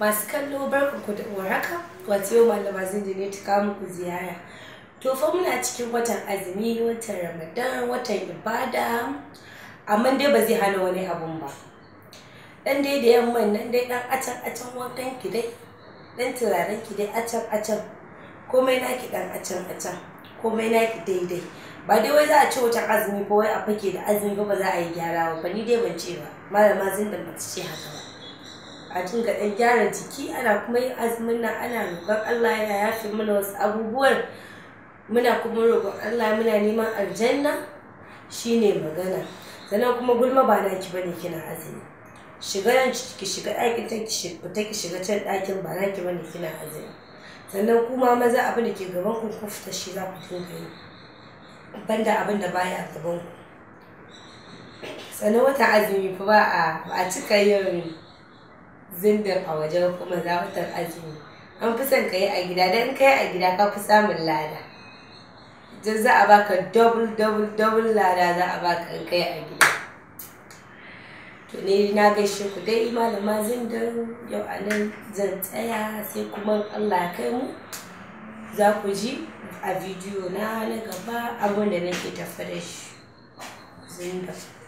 masu kallo barka ku da waraka wato yau malama da ne ta kawo muku ziyara to fa muna cikin watan azumi watan ramadan watan ibada amma dai ba zai hana wani abun ba dan dai da yamman nan dai dan acan acan wankan ki dai dan turaren ki dai acan acan komai naki dan acan acan komai naki daidai ba dai wai za a ce wata azumi ko wai a fake da azumi ba za a yi gyara ba ni dai ban ce ba malama da ba ta ce haka ba a dinga ɗan gyara jiki ana kuma yin azumin nan ana roƙon Allah yana yafe mana wasu abubuwan muna kuma roƙon Allah muna neman aljanna shine magana sannan kuma gulma ba naki bane kina azumi shiga nan ki shiga ɗakin ta ki fita ki shiga can ɗakin ba naki bane kina azumi sannan kuma maza abin da ke gaban ku ku fita shi za ku dinga yi banda abin da baya a gaban ku sannan wata azumi fa ba a cika yin zindin a wajen kuma zawatar azumi an fi son ka yi a gida don ka yi a gida ka fi samun lada don za a baka double double double lada za a baka ka yi a gida to ne na gaishe ku dai malama zindin yau a nan zan tsaya sai kuma allah kai mu za ku ji a bidiyo na na gaba abinda da nake tafi da shi zindin